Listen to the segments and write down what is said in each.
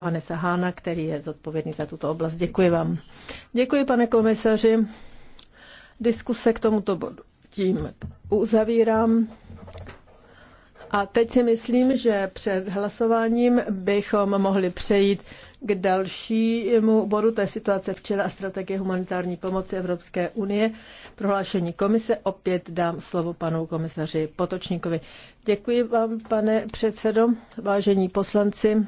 Pane Hána, který je zodpovědný za tuto oblast. Děkuji vám. Děkuji, pane komisaři. Diskuse k tomuto bodu tím uzavírám. A teď si myslím, že před hlasováním bychom mohli přejít k dalšímu bodu, to je situace včera a strategie humanitární pomoci Evropské unie. Prohlášení komise, opět dám slovo panu komisaři Potočníkovi. Děkuji vám, pane předsedo, vážení poslanci.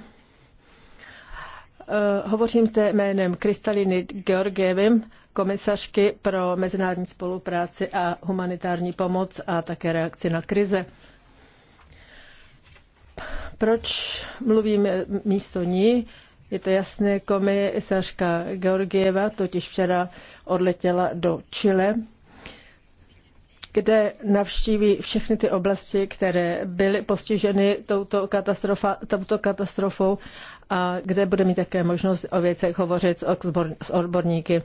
Eh, hovořím zde jménem Kristaliny Georgievim, komisařky pro mezinárodní spolupráci a humanitární pomoc a také reakci na krize. Proč mluvím místo ní? Je to jasné, komisařka Georgieva totiž včera odletěla do Chile, kde navštíví všechny ty oblasti, které byly postiženy touto, katastrofa, touto katastrofou a kde bude mít také možnost o věcech hovořit s odborníky.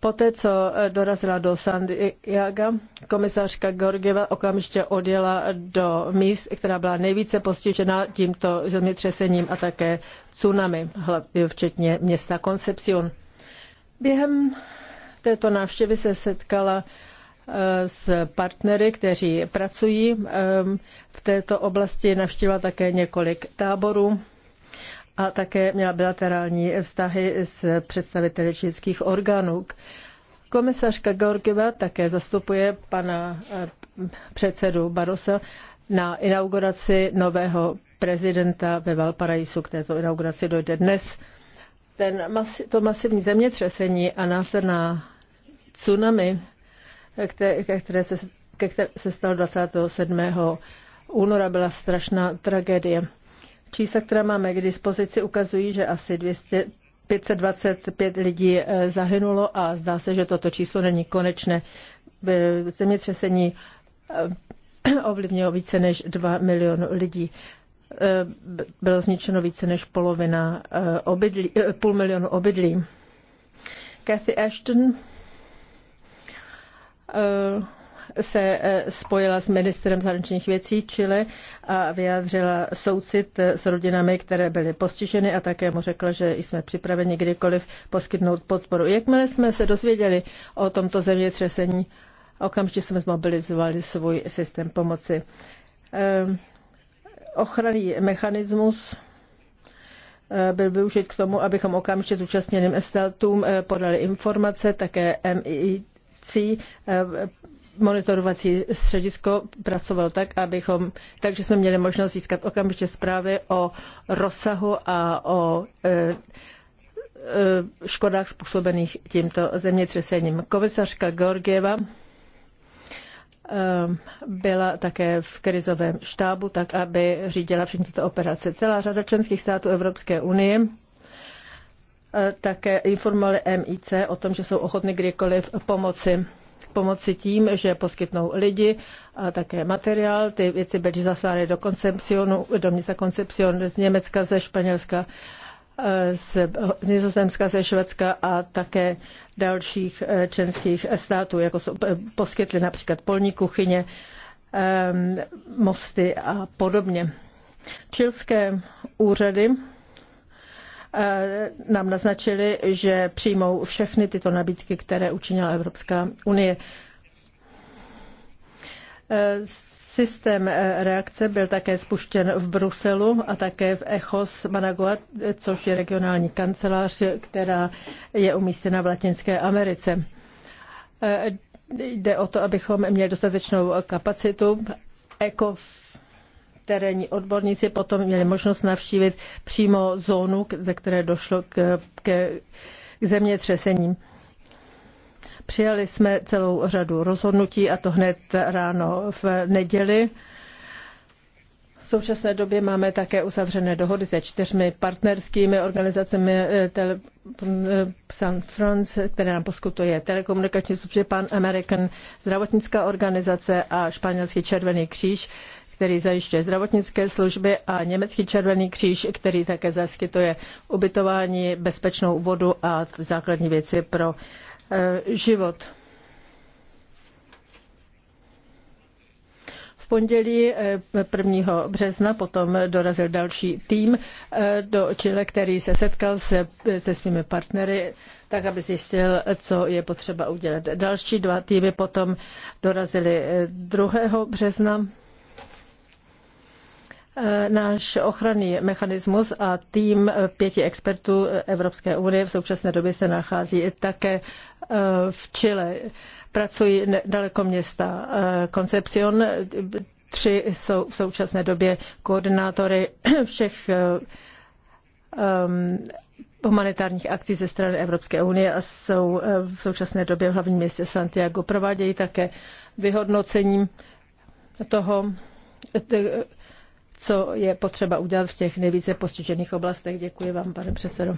Poté, co dorazila do Santiago, komisařka Gorgieva okamžitě odjela do míst, která byla nejvíce postižena tímto zemětřesením a také tsunami, včetně města Concepcion. Během této návštěvy se setkala s partnery, kteří pracují v této oblasti, navštívila také několik táborů a také měla bilaterální vztahy s představiteli čínských orgánů. Komisařka Georgieva také zastupuje pana eh, předsedu Barosa na inauguraci nového prezidenta ve Valparaisu. K této inauguraci dojde dnes. Ten, to masivní zemětřesení a následná tsunami ke které se, ke které se stalo 27. února, byla strašná tragédie. Čísla, která máme k dispozici, ukazují, že asi 200, 525 lidí eh, zahynulo a zdá se, že toto číslo není konečné. Zemětřesení eh, ovlivnilo více než 2 milionů lidí. Eh, bylo zničeno více než polovina obydlí, půl milionu obydlí. Kathy Ashton Eh, se eh, spojila s ministrem zahraničních věcí Chile a vyjádřila soucit eh, s rodinami, které byly postiženy a také mu řekla, že jsme připraveni kdykoliv poskytnout podporu. Jakmile jsme se dozvěděli o tomto zemětřesení, okamžitě jsme zmobilizovali svůj systém pomoci. Ochranný mechanismus byl využit k tomu, abychom okamžitě zúčastněným státům podali informace, také MIT monitorovací eh, monitorovací středisko pracovalo tak, abychom, takže jsme měli možnost získat okamžitě zprávy o rozsahu a o eh, eh, škodách způsobených tímto zemětřesením. Komisařka Georgieva byla také v krizovém štábu, tak aby řídila všechny tyto operace. Celá řada členských států Evropské unie také informovali MIC o tom, že jsou ochotny kdykoliv pomoci pomoci tím, že poskytnou lidi a také materiál. Ty věci byly zaslány do koncepcionu, do města koncepcion z Německa, ze Španělska, z, z Nizozemska, ze Švédska a také dalších eh, členských států, jako jsou eh, poskytly například polní kuchyně, eh, mosty a podobně. Čilské úřady Eh, nám naznačili, že přijmou všechny tyto nabídky, které učinila Evropská unie. Eh, systém eh, reakce byl také spuštěn v Bruselu a také v ECHOS Managua, což je regionální kancelář, která je umístěna v Latinské Americe. Jde o to, abychom měli dostatečnou kapacitu. ECOF terénní odborníci potom měli možnost navštívit přímo zónu, ve které došlo k, k, k zemětřesením. Přijali jsme celou řadu rozhodnutí a to hned ráno v neděli. V současné době máme také uzavřené dohody se čtyřmi partnerskými organizacemi eh, Tele- eh, San France, které nám poskutuje telekomunikační služby Pan American, zdravotnická organizace a španělský Červený kříž který zajišťuje zdravotnické služby a Německý červený kříž, který také zaskytuje ubytování, bezpečnou vodu a základní věci pro e, život. pondělí 1. E, března potom dorazil další tým e, do Chile, který se setkal se, se svými partnery, tak aby zjistil, co je potřeba udělat. Další dva týmy potom dorazili 2. března. Eh, náš ochranný mechanismus a tým pěti expertů Evropské unie v současné době se nachází také eh, v Chile. Pracují daleko města eh, Concepcion. Tři jsou v současné době koordinátory všech ehm, humanitárních akcí ze strany Evropské unie a jsou v současné době v hlavním městě Santiago. Provádějí také vyhodnocení toho, co je potřeba udělat v těch nejvíce postižených oblastech. Děkuji vám, pane předsedo.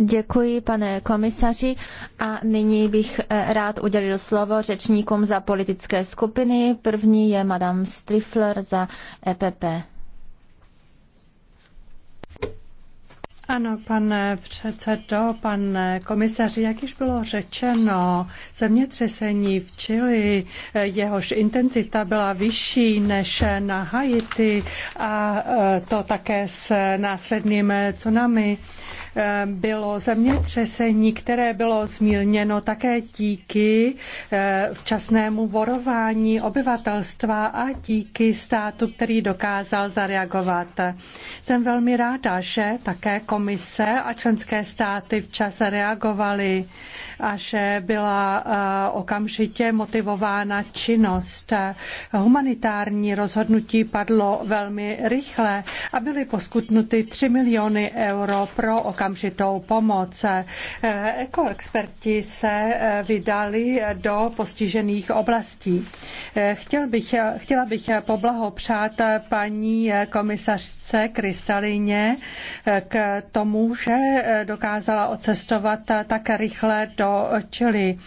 Děkuji, pane komisaři. A nyní bych eh, rád udělil slovo řečníkům za politické skupiny. První je madame Strifler za EPP. Ano, pane předsedo, pane komisaři, jak již bylo řečeno, zemětřesení v Čili, jehož intenzita byla vyšší než na Haiti a e, to také s následným tsunami Eh, bylo zemětřesení, které bylo zmírněno také díky eh, včasnému vorování obyvatelstva a díky státu, který dokázal zareagovat. Jsem velmi ráda, že také komise a členské státy včas reagovaly a že byla eh, okamžitě motivována činnost. Humanitární rozhodnutí padlo velmi rychle a byly poskutnuty 3 miliony euro pro okamžitou pomoc. Ekoexperti se vydali do postižených oblastí. Chtěl bych, chtěla bych poblahopřát paní komisařce Kristalině k tomu, že dokázala odcestovat tak rychle do Čili.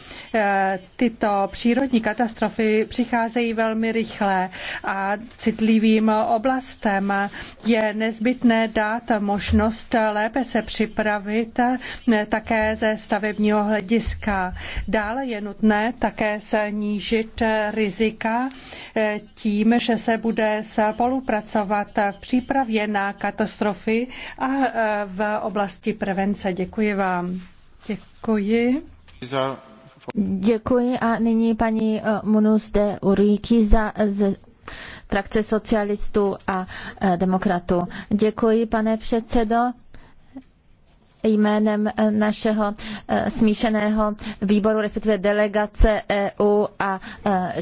Tyto přírodní katastrofy přicházejí velmi rychle a citlivým oblastem je nezbytné dát možnost lépe se při připravit eh, také ze stavebního hlediska. Dále je nutné také snížit eh, rizika eh, tím, že se bude spolupracovat v přípravě na katastrofy a v oblasti prevence. Děkuji vám. Děkuji. Děkuji a nyní paní Munus de Uriki za z frakce socialistů a demokratů. Děkuji, pane předsedo jménem eh, našeho eh, smíšeného výboru, respektive delegace EU a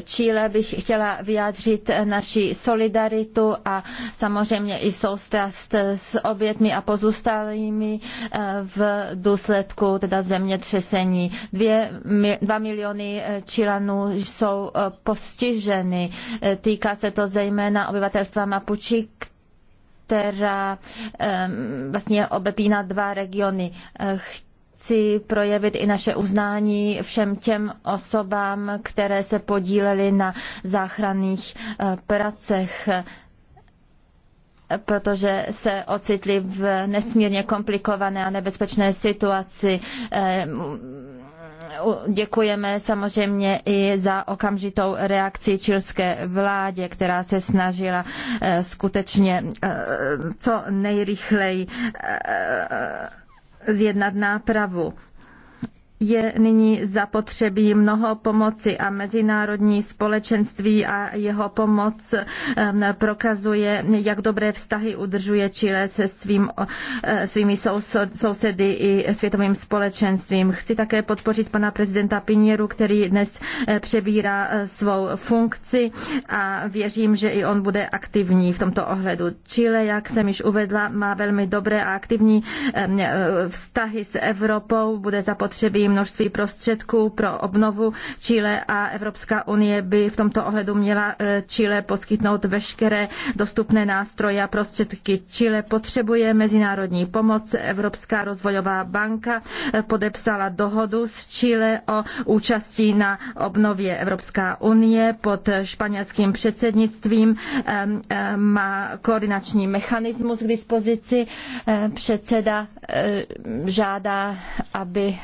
Chile eh, bych chtěla vyjádřit naši solidaritu a samozřejmě i soustrast s obětmi a pozůstalými v důsledku teda zemětřesení. Dvě, dva miliony Čilanů jsou postiženy. Týká se to zejména obyvatelstva Mapuči, která vlastně obepíná dva regiony. Chci projevit i naše uznání všem těm osobám, které se podílely na záchranných eh, pracech protože se ocitli v nesmírně komplikované a nebezpečné situaci děkujeme samozřejmě i za okamžitou reakci čilské vládě, která se snažila eh, skutečně eh, co nejrychleji eh, zjednat nápravu je nyní zapotřebí mnoho pomoci a mezinárodní společenství a jeho pomoc prokazuje, jak dobré vztahy udržuje Chile se svým, e, svými sousedy i světovým společenstvím. Chci také podpořit pana prezidenta Pinieru, který dnes e, přebírá e, svou funkci a věřím, že i on bude aktivní v tomto ohledu. Chile, jak jsem již uvedla, má velmi dobré a aktivní vztahy s Evropou, bude zapotřebí množství prostředků pro obnovu Chile a Evropská unie by v tomto ohledu měla eh, Chile poskytnout veškeré dostupné nástroje a prostředky. Chile potřebuje mezinárodní pomoc. Evropská rozvojová banka eh, podepsala dohodu s Chile o účasti na obnově Evropská unie pod španělským předsednictvím. Má koordinační mechanismus k dispozici. Předseda eh, žádá, aby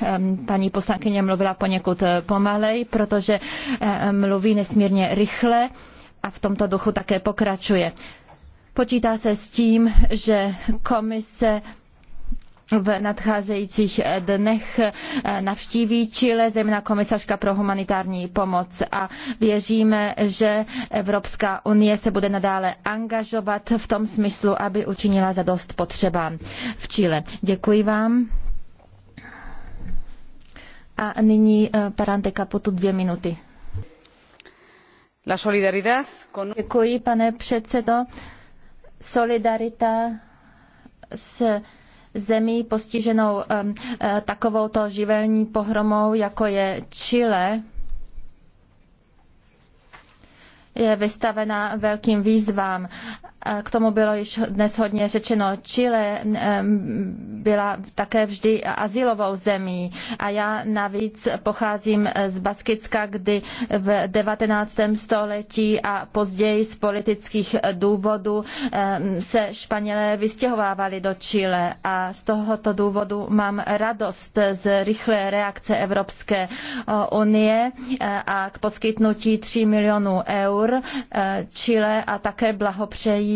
paní poslankyně mluvila poněkud eh, pomalej, protože eh, mluví nesmírně rychle a v tomto duchu také pokračuje. Počítá se s tím, že komise v nadcházejících eh, dnech navštíví Chile, zejména komisařka pro humanitární pomoc a věříme, že Evropská unie se bude nadále angažovat v tom smyslu, aby učinila zadost potřebám v Chile. Děkuji vám. A nyní eh, dvě minuty. La solidaridad con... Děkuji, pane předsedo. Solidarita s zemí postiženou um, takovouto živelní pohromou, jako je Chile, je vystavena velkým výzvám Eh, k tomu bylo již dnes hodně řečeno. Chile byla také vždy asilovou zemí a já navíc pocházím eh, z Baskicka, kdy v 19. století a později z politických eh, důvodů se Španělé vystěhovávali do Chile a z tohoto důvodu mám radost z rychlé reakce Evropské unie a k poskytnutí 3 milionů eur Chile a také blahopřeji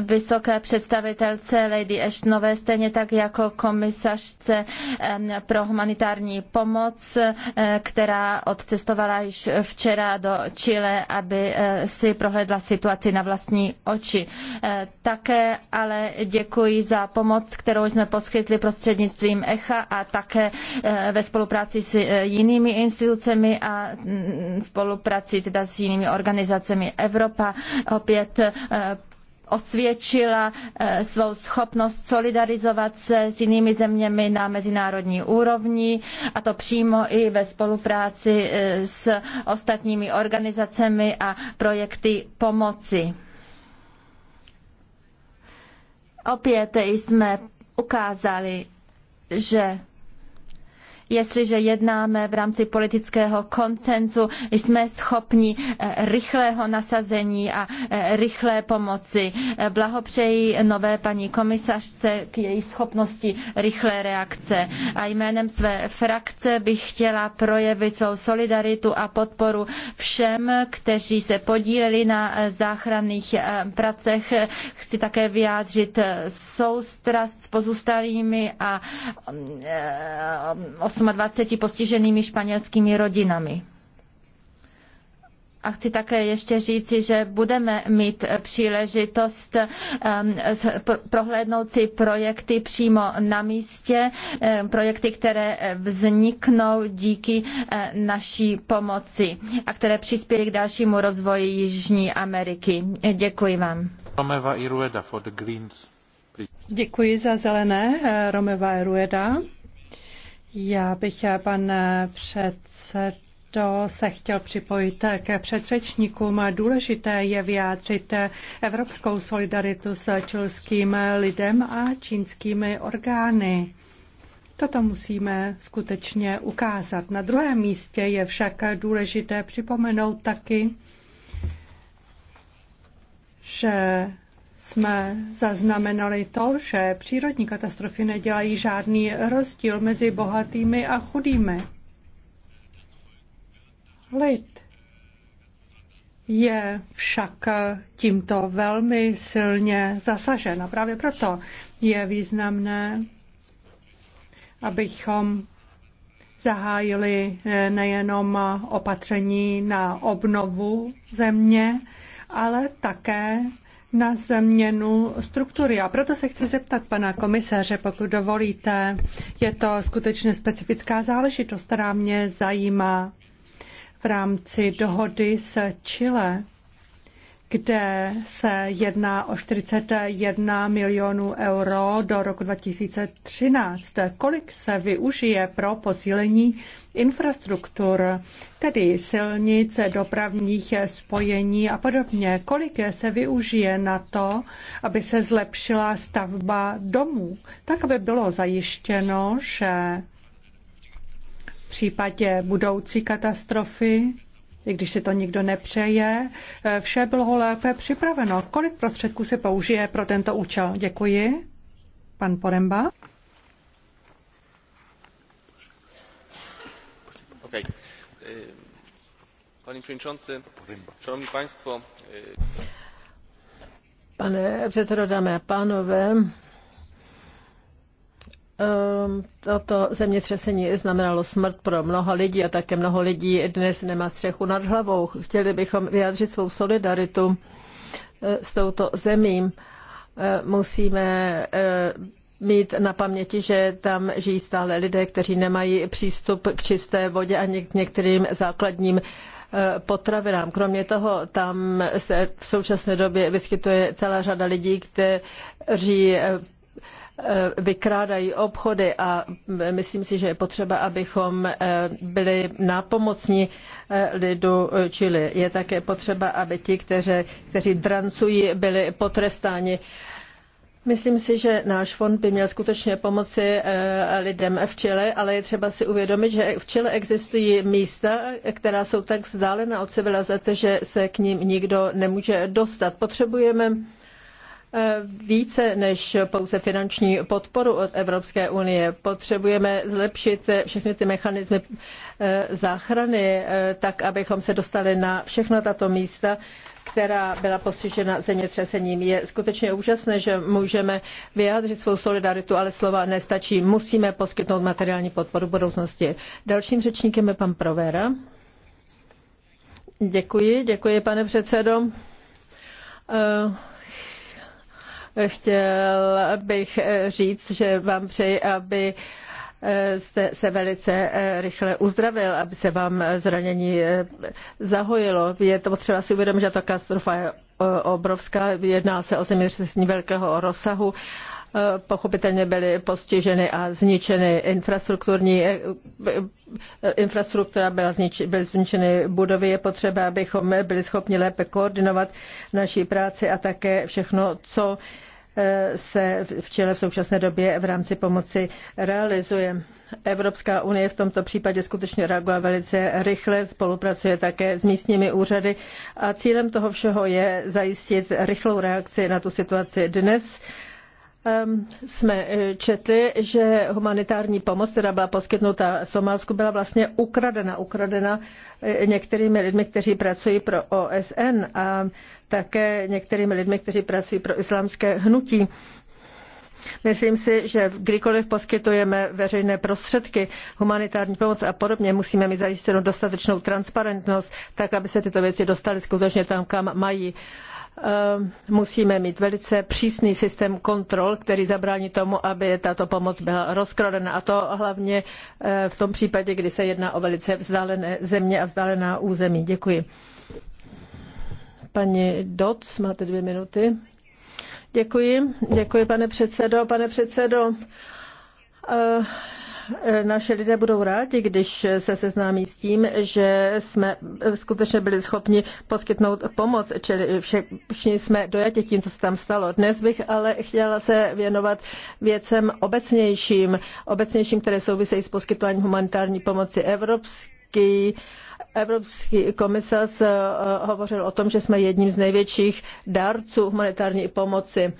vysoké představitelce Lady Ashtonové, stejně tak jako komisařce pro humanitární pomoc, eh, která odcestovala již včera do Chile, aby eh, si prohlédla situaci na vlastní oči. Eh, také ale děkuji za pomoc, kterou jsme poskytli prostřednictvím ECHA a také ve spolupráci s jinými institucemi a mm, spolupráci teda s jinými organizacemi. Evropa opět osvědčila eh, svou schopnost solidarizovat se s jinými zeměmi na mezinárodní úrovni a to přímo i ve spolupráci eh, s ostatními organizacemi a projekty pomoci. Opět jsme ukázali, že jestliže jednáme v rámci politického koncenzu, jsme schopni eh, rychlého nasazení a eh, rychlé pomoci. Eh, blahopřeji nové paní komisařce k její schopnosti rychlé reakce. A jménem své frakce bych chtěla projevit svou solidaritu a podporu všem, kteří se podíleli na záchranných pracech. Chci také vyjádřit soustrast s pozůstalými a mm, 28 postiženými španělskými rodinami. A chci také ještě říci, že budeme mít příležitost um, prohlédnout si projekty přímo na místě, um, projekty, které vzniknou díky uh, naší pomoci a které přispějí k dalšímu rozvoji Jižní Ameriky. Děkuji vám. Děkuji za zelené, eh, Romeva Irueda. Já bych, pane předsedo, se chtěl připojit ke předřečníkům. Důležité je vyjádřit evropskou solidaritu s čilským lidem a čínskými orgány. Toto musíme skutečně ukázat. Na druhém místě je však důležité připomenout taky, že jsme zaznamenali to, že přírodní katastrofy nedělají žádný rozdíl mezi bohatými a chudými. Lid je však tímto velmi silně zasažen. A právě proto je významné, abychom zahájili eh, nejenom opatření na obnovu země, ale také na změnu struktury. A proto se chci zeptat pana komisaře, pokud dovolíte. Je to skutečně specifická záležitost, která mě zajímá v rámci dohody s Chile kde se jedná o 41 milionů euro do roku 2013. Kolik se využije pro posílení infrastruktur, tedy silnic, dopravních spojení a podobně? Kolik se využije na to, aby se zlepšila stavba domů, tak aby bylo zajištěno, že v případě budoucí katastrofy i když si to nikdo nepřeje. Eh, vše bylo lépe připraveno. Kolik prostředků se použije pro tento účel? Děkuji. Pan Poremba. Okay. E, panie Przewodniczący, Szanowni Państwo. E, Pane předsedo, dámy a pánové, Ehm, toto zemětřesení znamenalo smrt pro mnoho lidí a také mnoho lidí dnes nemá střechu nad hlavou. Chtěli bychom vyjádřit svou solidaritu eh, s touto zemím. Eh, musíme eh, mít na paměti, že tam žijí stále lidé, kteří nemají přístup k čisté vodě a k některým základním potravinám. Kromě toho tam se v současné době vyskytuje celá řada lidí, kteří Eh, vykrádají obchody a myslím si, že je potřeba, abychom eh, byli nápomocní eh, lidu Čili. Je také potřeba, aby ti, kteří, kteří drancují, byli potrestáni. Myslím si, že náš fond by měl skutečně pomoci lidem v Chile, ale je třeba si uvědomit, že v Chile existují místa, která jsou tak vzdálená od civilizace, že se k ním nikdo nemůže dostat. Potřebujeme Eh, více než pouze finanční podporu od Evropské unie. Potřebujeme zlepšit všechny ty mechanismy eh, záchrany, eh, tak abychom se dostali na všechna tato místa, která byla postižena zemětřesením. Je skutečně úžasné, že můžeme vyjádřit svou solidaritu, ale slova nestačí. Musíme poskytnout materiální podporu budoucnosti. Dalším řečníkem je pan Provera. Děkuji, děkuji pane předsedo. Uh, Chtěl bych říct, že vám přeji, aby eh, jste se velice eh, rychle uzdravil, aby se vám zranění eh, zahojilo. Je to potřeba si uvědomit, že ta katastrofa je obrovská, jedná se o zemětřesení velkého rozsahu Eh, pochopitelně byly postiženy a zničeny infrastrukturní eh, eh, infrastruktura byla znič, byly zničeny budovy, je potřeba, abychom byli schopni lépe koordinovat naší práci a také všechno, co se v čele v současné době v rámci pomoci realizuje. Evropská unie v tomto případě skutečně reaguje velice rychle, spolupracuje také s místními úřady a cílem toho všeho je zajistit rychlou reakci na tu situaci dnes jsme eh, četli, že humanitární pomoc, která byla poskytnuta Somálsku, byla vlastně ukradena, ukradena eh, některými lidmi, kteří pracují pro OSN a také některými lidmi, kteří pracují pro islámské hnutí. Myslím si, že kdykoliv poskytujeme veřejné prostředky, humanitární pomoc a podobně, musíme mít zajištěnou dostatečnou transparentnost, tak aby se tyto věci dostaly skutečně tam, kam mají. Uh, Eh, musíme mít velice přísný systém kontrol, který zabrání tomu, aby tato pomoc byla rozkradena. A to hlavně eh, v tom případě, kdy se jedná o velice vzdálené země a vzdálená území. Děkuji. Paní Doc, máte dvě minuty. Děkuji, děkuji pane předsedo. Pane předsedo, eh, Eh, naše lidé budou rádi, když se seznámí s tím, že jsme eh, skutečně byli schopni poskytnout pomoc, čili všichni jsme dojati tím, co se tam stalo. Dnes bych ale chtěla se věnovat věcem obecnějším, obecnějším, které souvisejí s poskytováním humanitární pomoci evropské. Evropský komisař eh, hovořil o tom, že jsme jedním z největších dárců humanitární pomoci.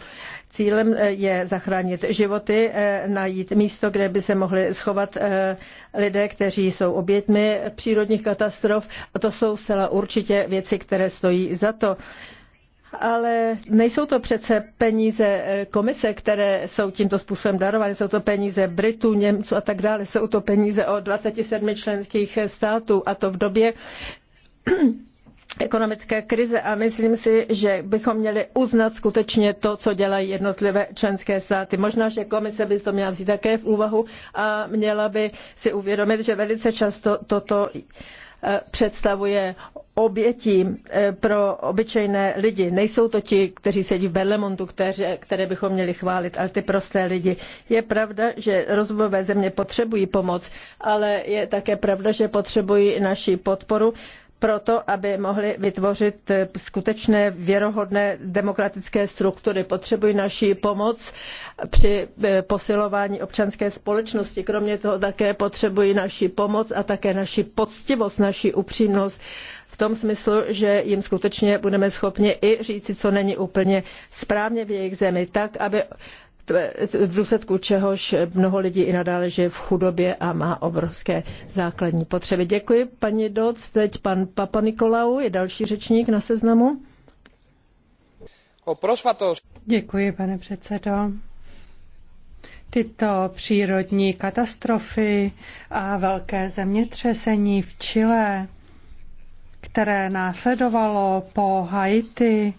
Cílem eh, je zachránit životy, eh, najít místo, kde by se mohli schovat lidé, kteří jsou obětmi přírodních katastrof. A to jsou zcela určitě věci, které stojí za to ale nejsou to přece peníze eh, komise, které jsou tímto způsobem darovány. Jsou to peníze Britů, Němců a tak dále. Jsou to peníze od 27 členských států a to v době ekonomické krize a myslím si, že bychom měli uznat skutečně to, co dělají jednotlivé členské státy. Možná, že komise by to měla vzít také v úvahu a měla by si uvědomit, že velice často toto Eh, představuje oběti eh, pro obyčejné lidi. Nejsou to ti, kteří sedí v Berlemontu, které, které bychom měli chválit, ale ty prosté lidi. Je pravda, že rozvojové země potřebují pomoc, ale je také pravda, že potřebují naši podporu proto, aby mohli vytvořit eh, skutečné věrohodné demokratické struktury. Potřebují naši pomoc při eh, posilování občanské společnosti. Kromě toho také potřebují naši pomoc a také naši poctivost, naši upřímnost v tom smyslu, že jim skutečně budeme schopni i říci, co není úplně správně v jejich zemi, tak, aby v důsledku čehož mnoho lidí i nadále žije v chudobě a má obrovské základní potřeby. Děkuji, paní Doc. Teď pan Papa Nikolau je další řečník na seznamu. Děkuji, pane předsedo. Tyto přírodní katastrofy a velké zemětřesení v Chile, které následovalo po Haiti,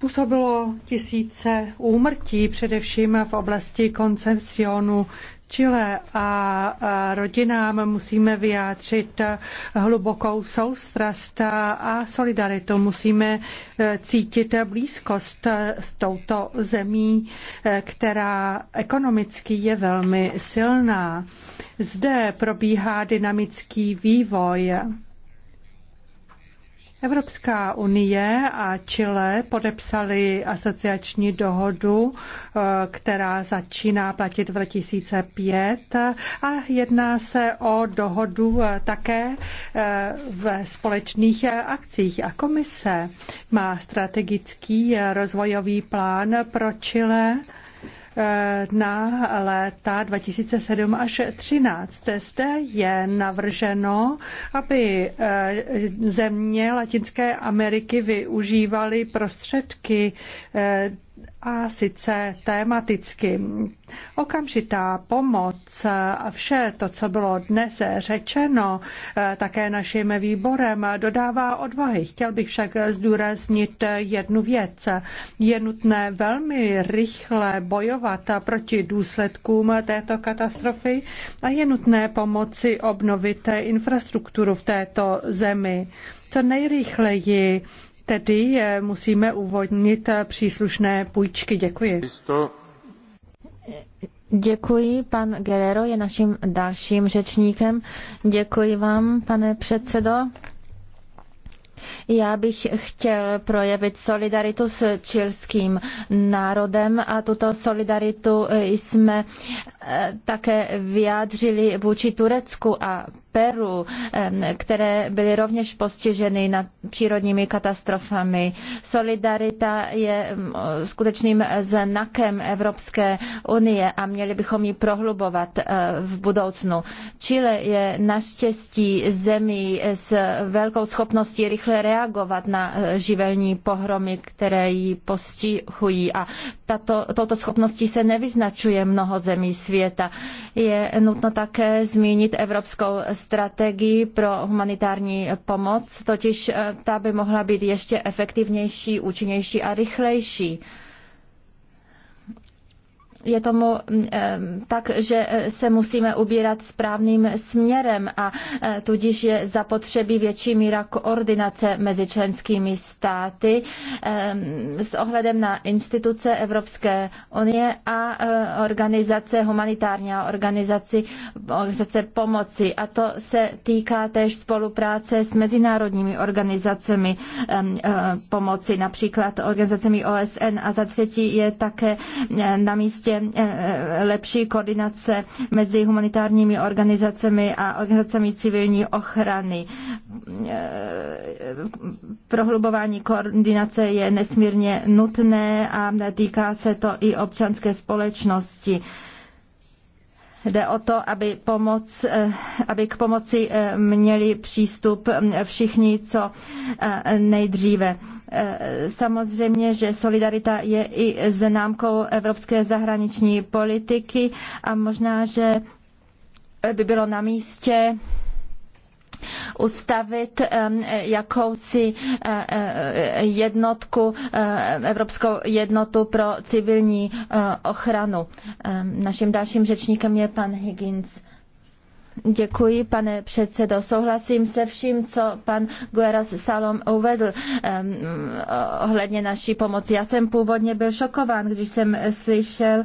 způsobilo tisíce úmrtí, především v oblasti koncepcionu Chile a rodinám musíme vyjádřit hlubokou soustrast a solidaritu. Musíme e, cítit blízkost s touto zemí, e, která ekonomicky je velmi silná. Zde probíhá dynamický vývoj. Evropská unie a Chile podepsali asociační dohodu, eh, která začíná platit v 2005 a jedná se o dohodu eh, také eh, v společných akcích. A komise má strategický rozvojový plán pro Chile Eh, na léta 2007 až 2013. Zde je navrženo, aby eh, země Latinské Ameriky využívaly prostředky eh, a sice tématicky. Okamžitá pomoc a vše to, co bylo dnes řečeno eh, také naším výborem, dodává odvahy. Chtěl bych však zdůraznit jednu věc. Je nutné velmi rychle bojovat proti důsledkům této katastrofy a je nutné pomoci obnovit infrastrukturu v této zemi co nejrychleji tedy eh, musíme uvolnit eh, příslušné půjčky. Děkuji. Děkuji, pan Guerrero je naším dalším řečníkem. Děkuji vám, pane předsedo. Já bych chtěl projevit solidaritu s čilským národem a tuto solidaritu jsme Eh, také vyjádřili vůči Turecku a Peru, eh, které byly rovněž postiženy nad přírodními katastrofami. Solidarita je mm, skutečným znakem Evropské unie a měli bychom ji prohlubovat eh, v budoucnu. Chile je naštěstí zemí s velkou schopností rychle reagovat na živelní pohromy, které ji postihují a tato, touto schopností se nevyznačuje mnoho zemí světa světa. Je nutno také zmínit evropskou strategii pro humanitární pomoc, totiž eh, ta by mohla být ještě efektivnější, účinnější a rychlejší je tomu mm, tak, že eh, se musíme ubírat správným směrem a eh, tudíž je zapotřebí větší míra koordinace mezi členskými státy s ohledem na instituce Evropské unie a eh, organizace humanitární a organizaci, organizace pomoci. A to se týká též spolupráce s mezinárodními organizacemi pomoci, například organizacemi OSN. A za třetí je také na místě ještě prostě, eh, eh, lepší koordinace mezi humanitárními organizacemi a organizacemi civilní ochrany. Eh, prohlubování koordinace je nesmírně nutné a týká se to i občanské společnosti. Jde o to, aby, pomoc, eh, aby k pomoci eh, měli přístup hm, všichni co eh, nejdříve. Samozřejmě, že solidarita je i známkou evropské zahraniční politiky a možná, že by bylo na místě ustavit eh, jakousi eh, eh, jednotku, Evropskou jednotu pro civilní ochranu. Naším dalším řečníkem je pan Higgins. Děkuji, pane předsedo. Souhlasím se vším, co pan Gueras Salom uvedl um, ohledně naší pomoci. Já jsem původně byl šokován, když jsem slyšel,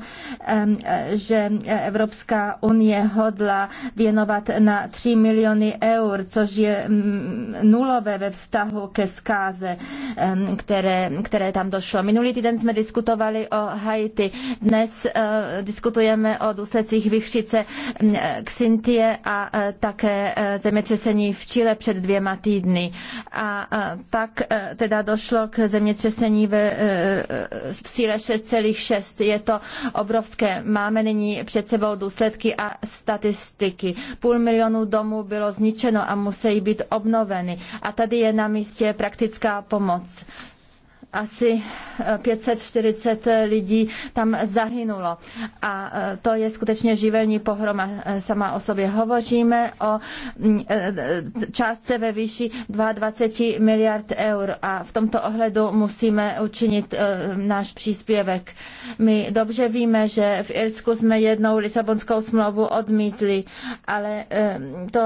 um, že Evropská unie hodla věnovat na 3 miliony eur, což je um, nulové ve vztahu ke zkáze, um, které, které tam došlo. Minulý týden jsme diskutovali o Haiti. Dnes uh, diskutujeme o důsledcích vychřice um, Xintie a e, také e, zemětřesení v Chile před dvěma týdny. A e, pak teda došlo k zemětřesení ve, v síle 6,6. Je to obrovské. Máme nyní před sebou důsledky a statistiky. Půl milionu domů bylo zničeno a musí být obnoveny. A tady je na místě praktická pomoc asi 540 eh, lidí tam zahynulo. A eh, to je skutečně živelní pohroma eh, sama o sobě. Hovoříme o mm, částce ve výši 22 miliard eur a v tomto ohledu musíme učinit náš příspěvek. My dobře víme, že v Irsku jsme jednou Lisabonskou smlouvu odmítli, ale to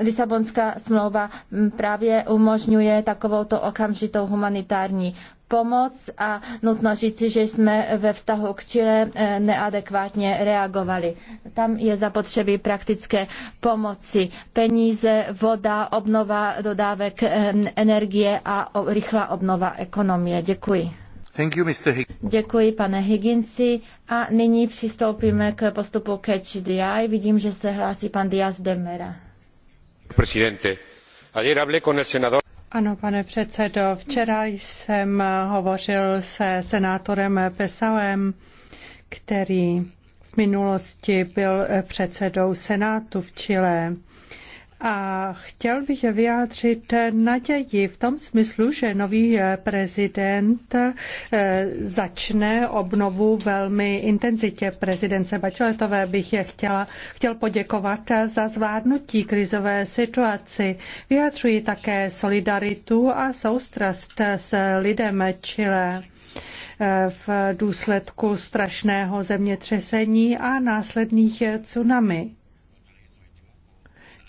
Lisabonská smlouva mm, právě umožňuje takovouto okamžitou humanitární humanitární pomoc a nutno říci, že jsme ve vztahu k Chile eh, neadekvátně reagovali. Tam je zapotřebí praktické pomoci. Peníze, voda, obnova dodávek eh, energie a rychlá obnova ekonomie. Děkuji. Thank you, Mr. Děkuji, pane Higginsi. A nyní přistoupíme k postupu Catch the Eye. Vidím, že se hlásí pan Diaz de Mera. Presidente, ayer hablé con el senador... Ano, pane předsedo, včera jsem hovořil se senátorem Pesauem, který v minulosti byl předsedou Senátu v Chile a chtěl bych vyjádřit naději v tom smyslu, že nový eh, prezident eh, začne obnovu velmi intenzitě. Prezidence Bačeletové bych je chtěla, chtěl poděkovat za zvládnutí krizové situaci. Vyjadřuji také solidaritu a soustrast s lidem Chile eh, v důsledku strašného zemětřesení a následných tsunami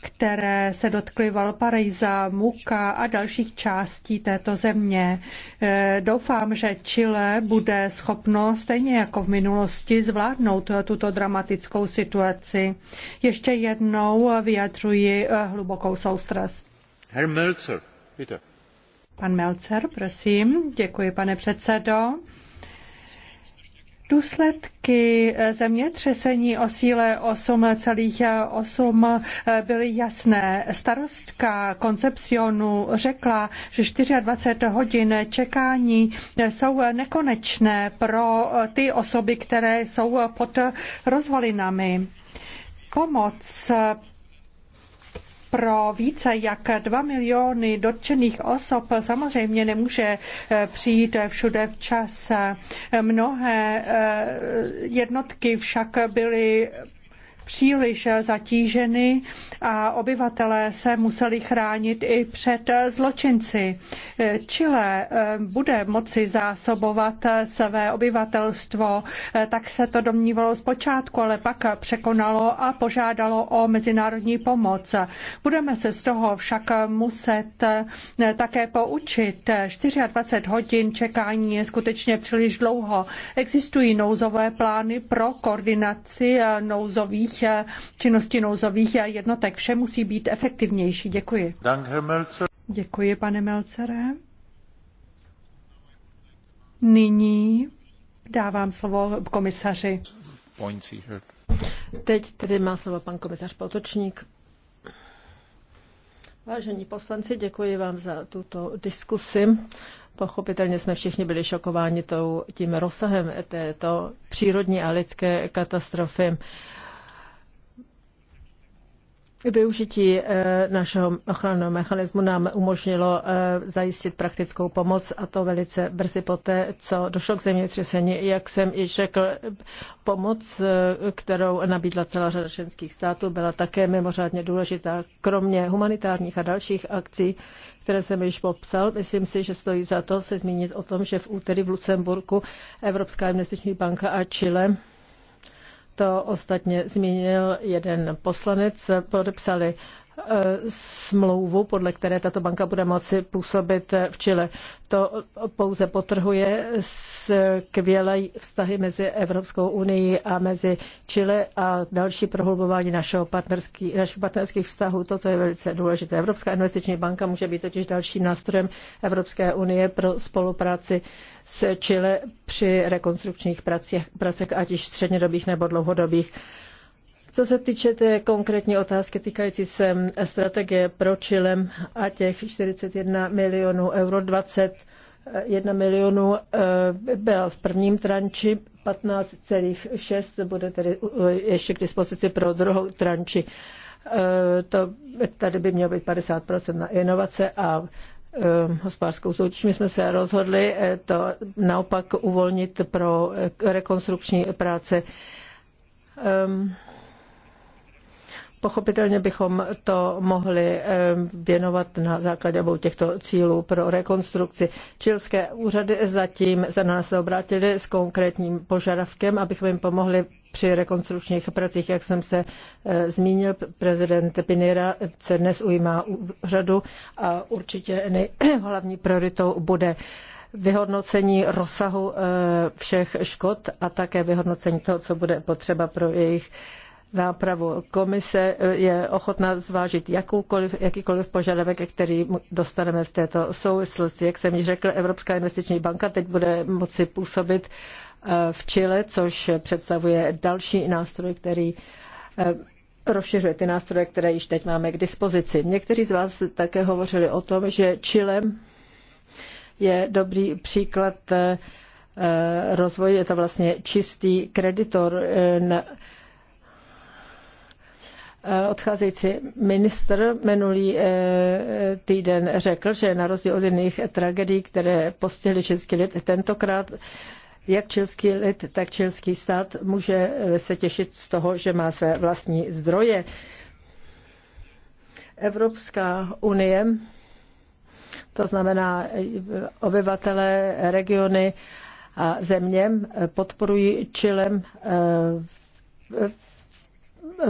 které se dotkly Valparaisa, Muka a dalších částí této země. Eh, doufám, že Chile bude schopno stejně jako v minulosti zvládnout tuto dramatickou situaci. Ještě jednou vyjadřuji eh, hlubokou soustrast. Herr Melzer, bitte. Pan Melzer, prosím. Děkuji, pane předsedo. Důsledky eh, zemětřesení o síle 8,8 eh, byly jasné. Starostka Koncepcionu řekla, že 24 hodin čekání eh, jsou nekonečné pro ty osoby, které jsou pod rozvalinami. Pomoc pro více jak 2 miliony dotčených osob samozřejmě nemůže eh, přijít všude včas. Mnohé eh, jednotky však byly příliš zatíženy a obyvatelé se museli chránit i před zločinci. Chile eh, bude moci zásobovat své obyvatelstvo, eh, tak se to domnívalo zpočátku, ale pak překonalo a požádalo o mezinárodní pomoc. Budeme se z toho však muset eh, také poučit. 24 hodin čekání je skutečně příliš dlouho. Existují nouzové plány pro koordinaci nouzových nouzových eh, činnosti nouzových jednotek. Vše musí být efektivnější. Děkuji. Děkuji, pane Melcere. Nyní dávám slovo komisaři. Teď tedy má slovo pan komisař Potočník. Vážení poslanci, děkuji vám za tuto diskusi. Pochopitelně jsme všichni byli šokováni tou, tím rozsahem této přírodní a lidské katastrofy. Využití eh, našeho ochranného mechanismu nám umožnilo eh, zajistit praktickou pomoc a to velice brzy poté, co došlo k zemětřesení. Jak jsem již řekl, pomoc, eh, kterou nabídla celá řada členských států, byla také mimořádně důležitá. Kromě humanitárních a dalších akcí, které jsem již popsal, myslím si, že stojí za to se zmínit o tom, že v úterý v Lucemburku Evropská investiční banka a Chile to ostatně zmínil jeden poslanec, podepsali Eh, smlouvu, podle které tato banka bude moci působit eh, v Chile. To pouze potrhuje skvělé vztahy mezi Evropskou unii a mezi Chile a další prohlubování našeho partnerský, našich partnerských vztahů. Toto je velice důležité. Evropská investiční banka může být totiž dalším nástrojem Evropské unie pro spolupráci s Chile při rekonstrukčních pracích, pracech, ať již střednědobých nebo dlouhodobých. Co se týče té konkrétní otázky týkající se eh, strategie pro Chilem a těch 41 milionů euro 21 milionů eh, byl v prvním tranči, 15,6 bude tedy eh, ještě k dispozici pro druhou tranči. To, tady by mělo být 50% na inovace a hospodářskou soutěž. My jsme se rozhodli to naopak uvolnit pro rekonstrukční práce. Um, Pochopitelně bychom to mohli eh, věnovat na základě obou těchto cílů pro rekonstrukci. Čilské úřady zatím se na nás obrátili s konkrétním požadavkem, abychom jim pomohli při rekonstrukčních pracích, jak jsem se eh, zmínil, prezident Pinera se dnes ujímá úřadu a určitě hlavní prioritou bude vyhodnocení rozsahu eh, všech škod a také vyhodnocení toho, co bude potřeba pro jejich nápravu. Komise eh, je ochotná zvážit jakoukoliv, jakýkoliv požadavek, který dostaneme v této souvislosti. Jak jsem již řekl, Evropská investiční banka teď bude moci působit eh, v Chile, což představuje další nástroj, který eh, rozšiřuje ty nástroje, které již teď máme k dispozici. Někteří z vás také hovořili o tom, že Chile je dobrý příklad rozvoje, je to vlastně čistý kreditor na Eh, odcházející ministr minulý eh, týden řekl, že na rozdíl od jiných tragedií, které postihly český lid, tentokrát jak čilský lid, tak čilský stát může eh, se těšit z toho, že má své vlastní zdroje. Evropská unie, to znamená obyvatele, regiony a země, podporují Čilem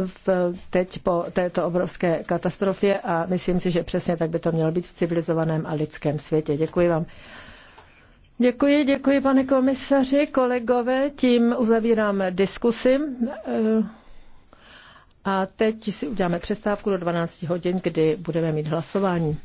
v, teď po této obrovské katastrofě a myslím si, že přesně tak by to mělo být v civilizovaném a lidském světě. Děkuji vám. Děkuji, děkuji pane komisaři, kolegové, tím uzavírám diskusi. Eh, a teď si uděláme přestávku do 12 hodin, kdy budeme mít hlasování.